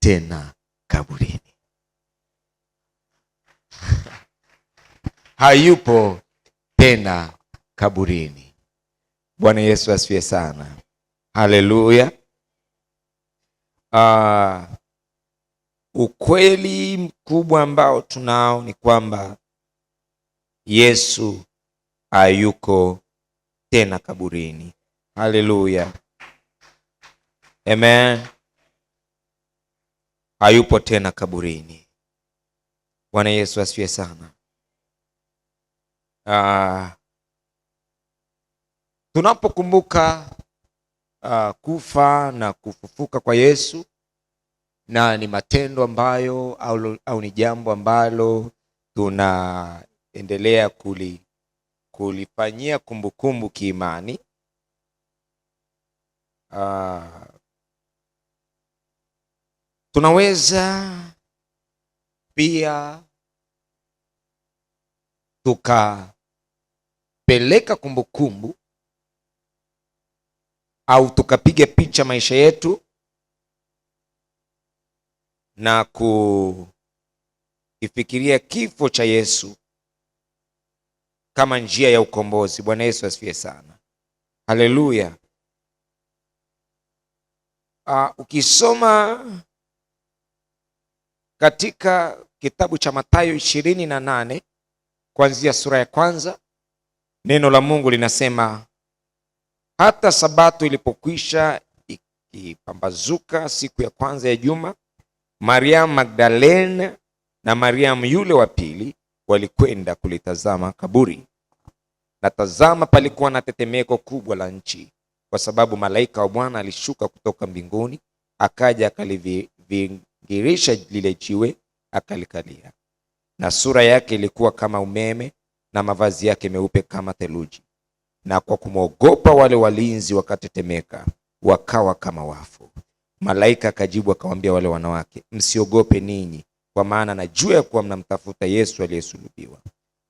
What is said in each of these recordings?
tena kaburini. Hayupo tena kaburini. Bwana Yesu asifiwe sana, haleluya. Uh, ukweli mkubwa ambao tunao ni kwamba Yesu hayuko tena kaburini. Haleluya, amen hayupo tena kaburini. Bwana Yesu asifiwe sana. Uh, tunapokumbuka uh, kufa na kufufuka kwa Yesu na ni matendo ambayo au, au ni jambo ambalo tunaendelea kuli, kulifanyia kumbukumbu kiimani uh, tunaweza pia tukapeleka kumbukumbu au tukapiga picha maisha yetu na kuifikiria kifo cha Yesu kama njia ya ukombozi. Bwana Yesu asifiwe sana, haleluya. Uh, ukisoma katika kitabu cha Mathayo ishirini na nane kuanzia sura ya kwanza, neno la Mungu linasema hata sabato ilipokwisha ikipambazuka siku ya kwanza ya juma, Mariamu Magdalene na Mariamu yule wa pili walikwenda kulitazama kaburi. Na tazama, palikuwa na tetemeko kubwa la nchi, kwa sababu malaika wa Bwana alishuka kutoka mbinguni akaja akalivi akalifikirisha lile jiwe akalikalia, na sura yake ilikuwa kama umeme na mavazi yake meupe kama theluji, na kwa kumwogopa wale walinzi wakatetemeka, wakawa kama wafu. Malaika akajibu akawaambia wale wanawake, msiogope ninyi, kwa maana najua ya kuwa mnamtafuta Yesu aliyesulubiwa.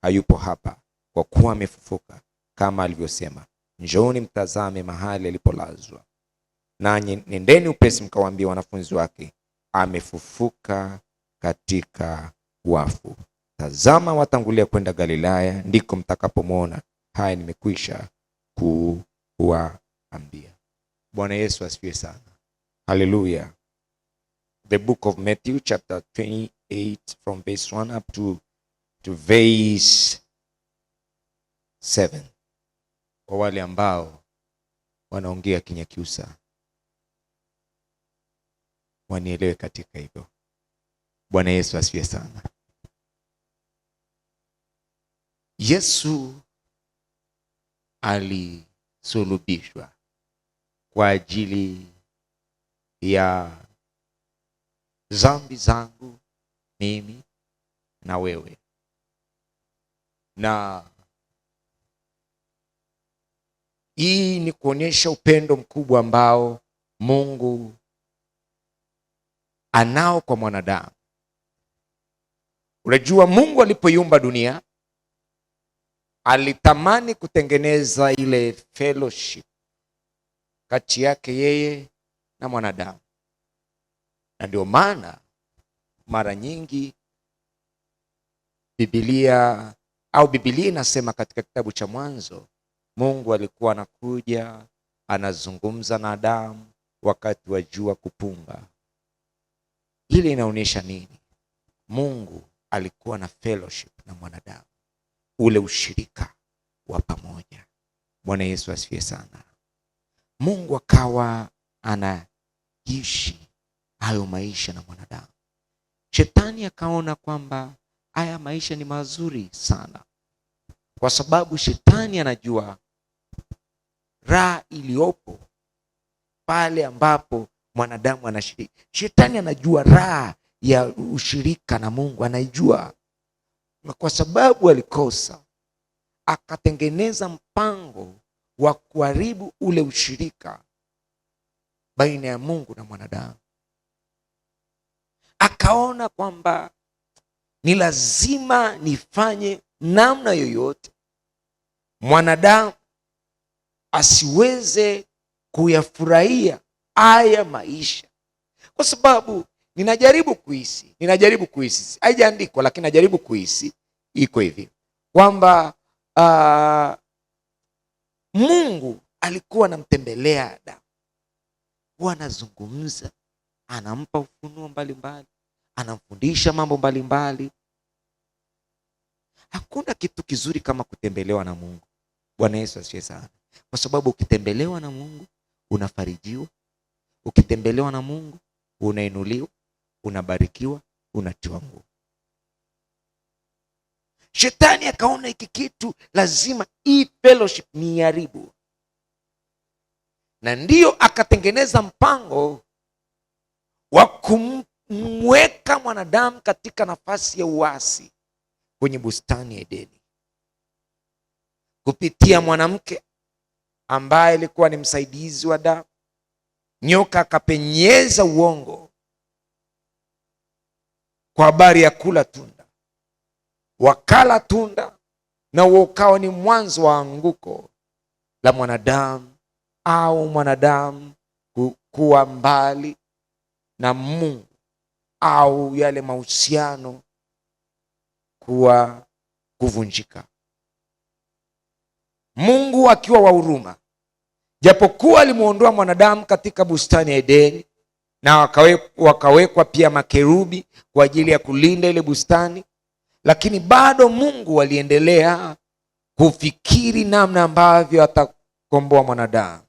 Hayupo hapa, kwa kuwa amefufuka kama alivyosema. Njooni mtazame mahali alipolazwa. Nanyi nendeni upesi mkawaambia wanafunzi wake amefufuka katika wafu. Tazama, watangulia kwenda Galilaya, ndiko mtakapomwona. Haya nimekwisha kuwaambia. Bwana Yesu asifiwe sana, haleluya. The book of Matthew chapter 28 from verse 1 up to, to verse 7, kwa wale ambao wanaongea Kinyakyusa wanielewe katika hilo. Bwana Yesu asifiwe sana. Yesu alisulubishwa kwa ajili ya dhambi zangu mimi na wewe, na hii ni kuonyesha upendo mkubwa ambao Mungu anao kwa mwanadamu. Unajua, Mungu alipoiumba dunia alitamani kutengeneza ile fellowship kati yake yeye na mwanadamu, na ndio maana mara nyingi Biblia au Biblia inasema katika kitabu cha Mwanzo, Mungu alikuwa anakuja anazungumza na Adamu wakati wa jua kupunga. Biblia inaonyesha nini? Mungu alikuwa na fellowship na mwanadamu, ule ushirika wa pamoja. Bwana Yesu asifiwe sana. Mungu akawa anaishi hayo maisha na mwanadamu. Shetani akaona kwamba haya maisha ni mazuri sana, kwa sababu shetani anajua raha iliyopo pale ambapo mwanadamu anashiriki. Shetani anajua raha ya ushirika na Mungu, anaijua, na kwa sababu alikosa akatengeneza mpango wa kuharibu ule ushirika baina ya Mungu na mwanadamu. Akaona kwamba ni lazima nifanye namna yoyote mwanadamu asiweze kuyafurahia haya maisha, kwa sababu ninajaribu kuhisi, ninajaribu kuhisi, haijaandikwa lakini najaribu kuhisi, iko hivi kwamba uh, Mungu alikuwa anamtembelea Adamu, huwa anazungumza, anampa ufunuo mbalimbali, anamfundisha mambo mbalimbali mbali. Hakuna kitu kizuri kama kutembelewa na Mungu. Bwana Yesu asifiwe sana, kwa sababu ukitembelewa na Mungu unafarijiwa, Ukitembelewa na Mungu unainuliwa, unabarikiwa, unatiwa nguvu. Shetani akaona hiki kitu lazima hii fellowship haribu na ndiyo akatengeneza mpango wa kumweka mwanadamu katika nafasi ya uasi kwenye bustani ya Edeni kupitia mwanamke ambaye alikuwa ni msaidizi wa damu Nyoka akapenyeza uongo kwa habari ya kula tunda, wakala tunda na huo ukawa ni mwanzo wa anguko la mwanadamu au mwanadamu kuwa mbali na Mungu au yale mahusiano kuwa kuvunjika. Mungu akiwa wa huruma Japokuwa alimwondoa mwanadamu katika bustani ya Edeni na wakawekwa, pia makerubi kwa ajili ya kulinda ile bustani, lakini bado Mungu aliendelea kufikiri namna ambavyo atakomboa mwanadamu.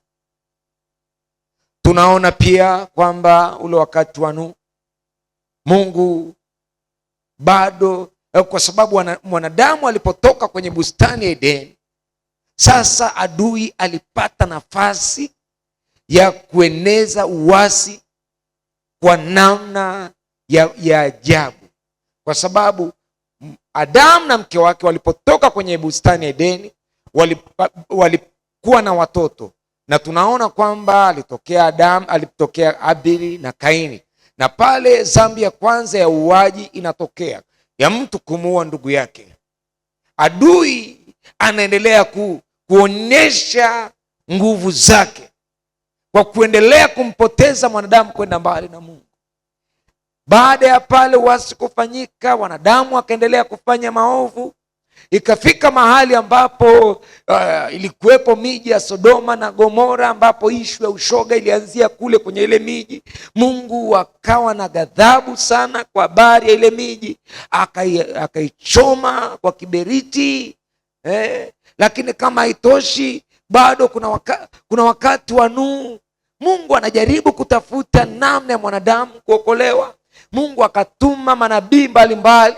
Tunaona pia kwamba ule wakati wa Nuhu Mungu bado, kwa sababu mwanadamu alipotoka kwenye bustani ya Edeni sasa adui alipata nafasi ya kueneza uasi kwa namna ya ajabu, kwa sababu Adamu na mke wake walipotoka kwenye bustani ya Edeni walikuwa wali na watoto, na tunaona kwamba alitokea Adamu, alitokea Abili na Kaini, na pale dhambi ya kwanza ya uuaji inatokea ya mtu kumuua ndugu yake. Adui anaendelea ku kuonyesha nguvu zake kwa kuendelea kumpoteza mwanadamu kwenda mbali na Mungu. Baada ya pale wasi kufanyika, wanadamu wakaendelea kufanya maovu. Ikafika mahali ambapo uh, ilikuwepo miji ya Sodoma na Gomora, ambapo ishu ya ushoga ilianzia kule kwenye ile miji. Mungu akawa na ghadhabu sana kwa habari ya ile miji, akaichoma kwa kiberiti eh, lakini kama haitoshi bado kuna, waka, kuna wakati wa Nuhu Mungu anajaribu kutafuta namna ya mwanadamu kuokolewa. Mungu akatuma manabii mbalimbali,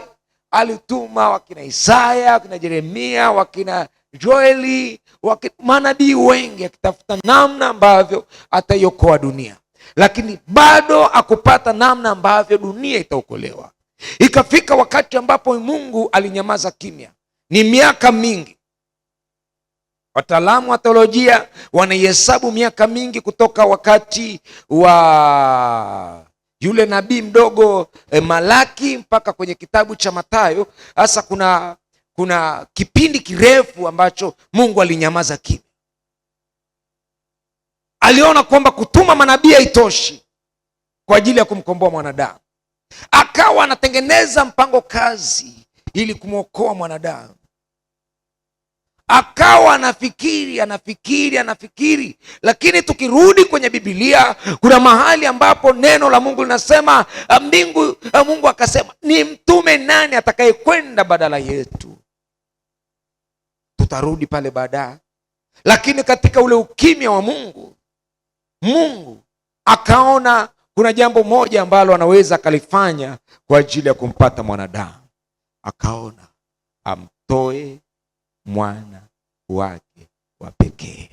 alituma wakina Isaya, wakina jeremia wakina Joeli, wakina manabii wengi, akitafuta namna ambavyo ataiokoa dunia, lakini bado akupata namna ambavyo dunia itaokolewa. Ikafika wakati ambapo Mungu alinyamaza kimya, ni miaka mingi Wataalamu wa theolojia wanaihesabu miaka mingi kutoka wakati wa yule nabii mdogo e, Malaki mpaka kwenye kitabu cha Mathayo. Hasa kuna kuna kipindi kirefu ambacho Mungu alinyamaza kimya. Aliona kwamba kutuma manabii haitoshi kwa ajili ya kumkomboa mwanadamu, akawa anatengeneza mpango kazi ili kumwokoa mwanadamu akawa anafikiri anafikiri anafikiri, lakini tukirudi kwenye bibilia kuna mahali ambapo neno la Mungu linasema ah, mbingu, ah, Mungu akasema ni mtume nani atakayekwenda badala yetu? Tutarudi pale baadaye, lakini katika ule ukimya wa Mungu, Mungu akaona kuna jambo moja ambalo anaweza akalifanya kwa ajili ya kumpata mwanadamu, akaona amtoe mwana wake wa pekee.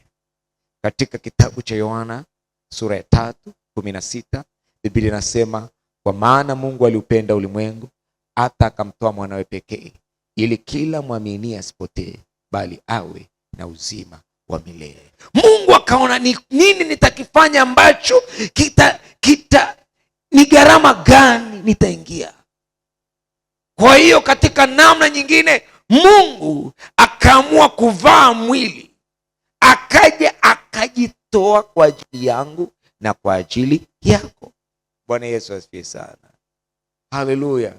Katika kitabu cha Yohana sura ya tatu kumi na sita Biblia inasema kwa maana Mungu aliupenda ulimwengu hata akamtoa mwanawe pekee, ili kila mwamini asipotee, bali awe na uzima wa milele. Mungu akaona ni nini nitakifanya ambacho kita, kita ni gharama gani nitaingia. Kwa hiyo katika namna nyingine Mungu akaamua kuvaa mwili akaja akajitoa kwa ajili yangu na kwa ajili yako. Bwana Yesu asifiwe sana, haleluya.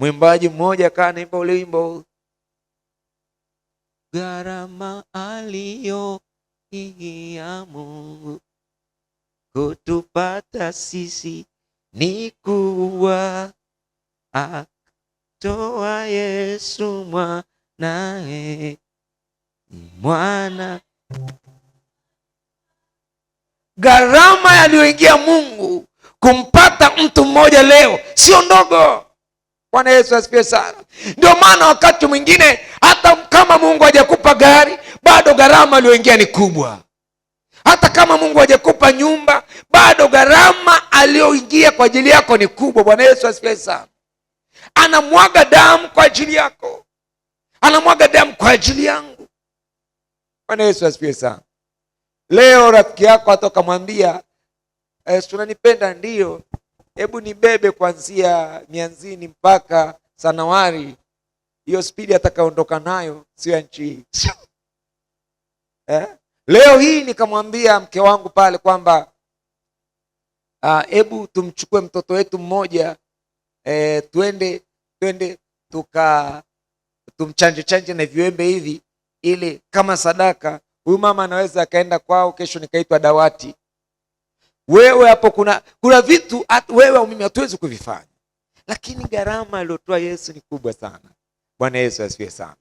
Mwimbaji mmoja akawa naimba ule wimbo, gharama aliyoingia Mungu kutupata sisi ni kuwa toa Yesu mwanae mwana. Gharama yaliyoingia Mungu kumpata mtu mmoja leo sio ndogo. Bwana Yesu asifiwe sana. Ndio maana wakati mwingine hata kama Mungu hajakupa gari, bado gharama aliyoingia ni kubwa. Hata kama Mungu hajakupa nyumba, bado gharama aliyoingia kwa ajili yako ni kubwa. Bwana Yesu asifiwe sana anamwaga damu kwa ajili yako, anamwaga damu kwa ajili yangu. Bwana Yesu asifiwe sana. Leo rafiki yako hata ukamwambia eh, tunanipenda ndiyo, hebu nibebe kuanzia mianzini mpaka Sanawari, hiyo spidi atakaondoka nayo sio ya nchi hii eh? Leo hii nikamwambia mke wangu pale kwamba ah, hebu uh, tumchukue mtoto wetu mmoja eh, tuende twende tuka tumchanje chanje na viwembe hivi, ili kama sadaka. Huyu mama anaweza akaenda kwao kesho, nikaitwa dawati. Wewe hapo kuna kuna vitu at, wewe mimi hatuwezi kuvifanya, lakini gharama aliyotoa Yesu ni kubwa sana. Bwana Yesu asifiwe sana.